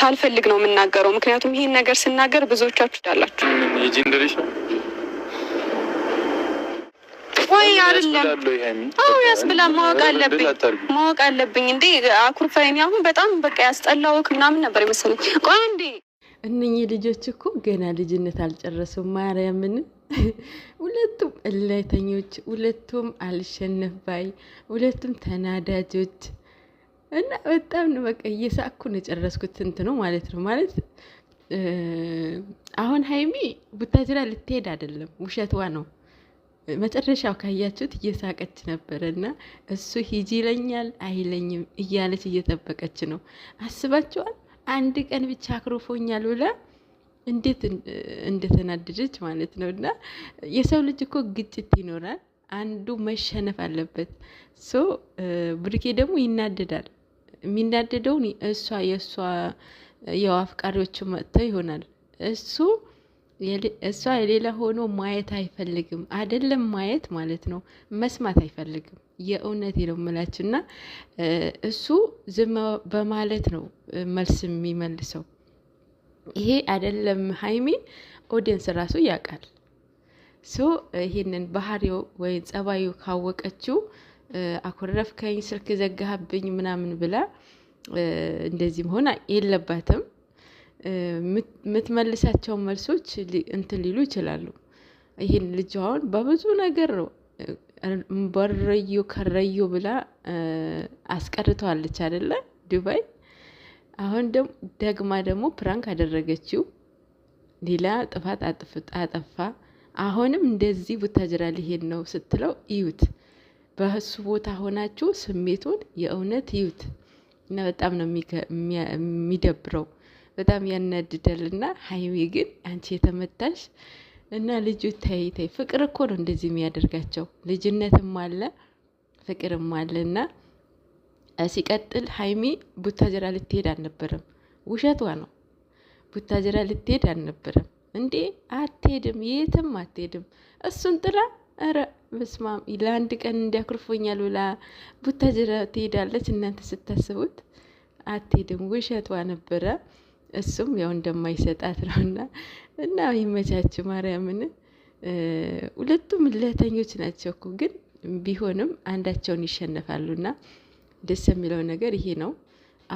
ሳልፈልግ ነው የምናገረው። ምክንያቱም ይህን ነገር ስናገር ብዙዎቻችሁ ዳላችሁ ወይ አይደለም አዎ ያስብላ ማወቅ አለብኝ ማወቅ አለብኝ እንዴ አኩርፋይን አሁን በጣም በቃ ያስጠላውክ ምናምን ነበር የመሰለኝ ቆይ እንዴ እነኚህ ልጆች እኮ ገና ልጅነት አልጨረሱም ማርያምን ሁለቱም እላይተኞች ሁለቱም አልሸነፍ ባይ ሁለቱም ተናዳጆች እና በጣም ነው በቃ እየሳኩ ነው የጨረስኩት። ስንት ነው ማለት ነው ማለት አሁን ሀይሚ ቡታጅራ ልትሄድ አይደለም፣ ውሸትዋ ነው። መጨረሻው ካያችሁት እየሳቀች ነበረ እና እሱ ሂጂ ይለኛል አይለኝም እያለች እየጠበቀች ነው። አስባችኋል? አንድ ቀን ብቻ አክሮፎኛል ብላ እንዴት እንደተናደደች ማለት ነው። እና የሰው ልጅ እኮ ግጭት ይኖራል። አንዱ መሸነፍ አለበት። ሶ ብርኬ ደግሞ ይናደዳል። የሚናደደው እሷ የእሷ ያው አፍቃሪዎቹ መጥተው ይሆናል። እሱ እሷ የሌላ ሆኖ ማየት አይፈልግም፣ አይደለም ማየት ማለት ነው መስማት አይፈልግም። የእውነት ነው የምላችሁ እና እሱ ዝም በማለት ነው መልስ የሚመልሰው። ይሄ አይደለም ሀይሚ ኦዲየንስ ራሱ ያውቃል። ሶ ይሄንን ባህሪው ወይም ጸባዩ ካወቀችው አኮረፍከኝ፣ ስልክ ዘጋህብኝ ምናምን ብላ እንደዚህ መሆን የለባትም። የምትመልሳቸው መልሶች እንትን ሊሉ ይችላሉ። ይህን ልጅ አሁን በብዙ ነገር ነው በረዮ ከረዮ ብላ አስቀርተዋለች አይደለ? ዱባይ አሁን ደግማ ደግሞ ፕራንክ አደረገችው። ሌላ ጥፋት አጠፋ። አሁንም እንደዚህ ቡታጅራ ሊሄድ ነው ስትለው እዩት። በሱ ቦታ ሆናችሁ ስሜቱን የእውነት ይዩት እና በጣም ነው የሚደብረው። በጣም ያናድዳል። እና ሀይሜ ግን አንቺ የተመታሽ እና ልጁ ተይ ተይ። ፍቅር እኮ ነው እንደዚህ የሚያደርጋቸው። ልጅነትም አለ ፍቅርም አለ እና ሲቀጥል ሀይሜ ቡታጀራ ልትሄድ አልነበረም። ውሸቷ ነው። ቡታጀራ ልትሄድ አልነበረም እንዴ! አትሄድም፣ የትም አትሄድም። እሱን ጥላ ኧረ በስማም ለአንድ ቀን እንዲያኩርፎኛል ብላ ቡታጅራ ትሄዳለች። እናንተ ስታስቡት አትሄድም፣ ውሸቷ ነበረ። እሱም ያው እንደማይሰጣት ነው እና እና ይመቻች ማርያምን። ሁለቱም ለተኞች ናቸው እኮ ግን ቢሆንም አንዳቸውን ይሸነፋሉ እና ደስ የሚለው ነገር ይሄ ነው።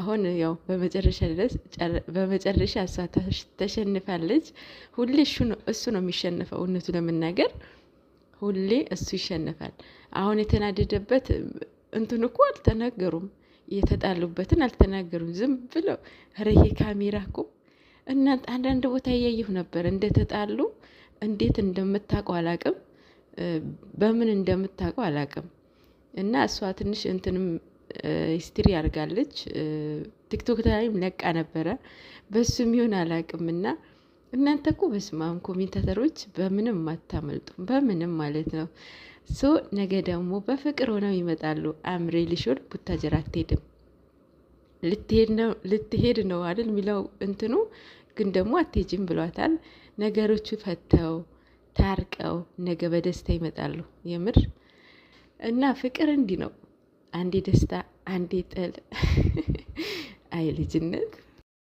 አሁን ያው በመጨረሻ ድረስ በመጨረሻ እሷ ተሸንፋለች። ሁሌ እሱ ነው የሚሸነፈው እውነቱ ለመናገር ሁሌ እሱ ይሸነፋል። አሁን የተናደደበት እንትን እኮ አልተናገሩም፣ የተጣሉበትን አልተናገሩም። ዝም ብለው ረሄ ካሜራ እኮ እናንተ አንዳንድ ቦታ እያየሁ ነበር እንደተጣሉ እንዴት እንደምታውቀው አላቅም፣ በምን እንደምታውቀው አላቅም። እና እሷ ትንሽ እንትንም ሂስትሪ አድርጋለች ቲክቶክ ላይም ለቃ ነበረ በሱም ይሆን አላቅም እና እናንተ እኮ በስማም ኮሜንታተሮች በምንም አታመልጡም፣ በምንም ማለት ነው። ሶ ነገ ደግሞ በፍቅር ሆነው ይመጣሉ። አምሬ ልሾል ቡታጀር አትሄድም፣ ልትሄድ ነው አይደል የሚለው እንትኑ ግን ደግሞ አትሄጂም ብሏታል። ነገሮቹ ፈተው ታርቀው ነገ በደስታ ይመጣሉ። የምር እና ፍቅር እንዲህ ነው፣ አንዴ ደስታ፣ አንዴ ጥል። አይ ልጅነት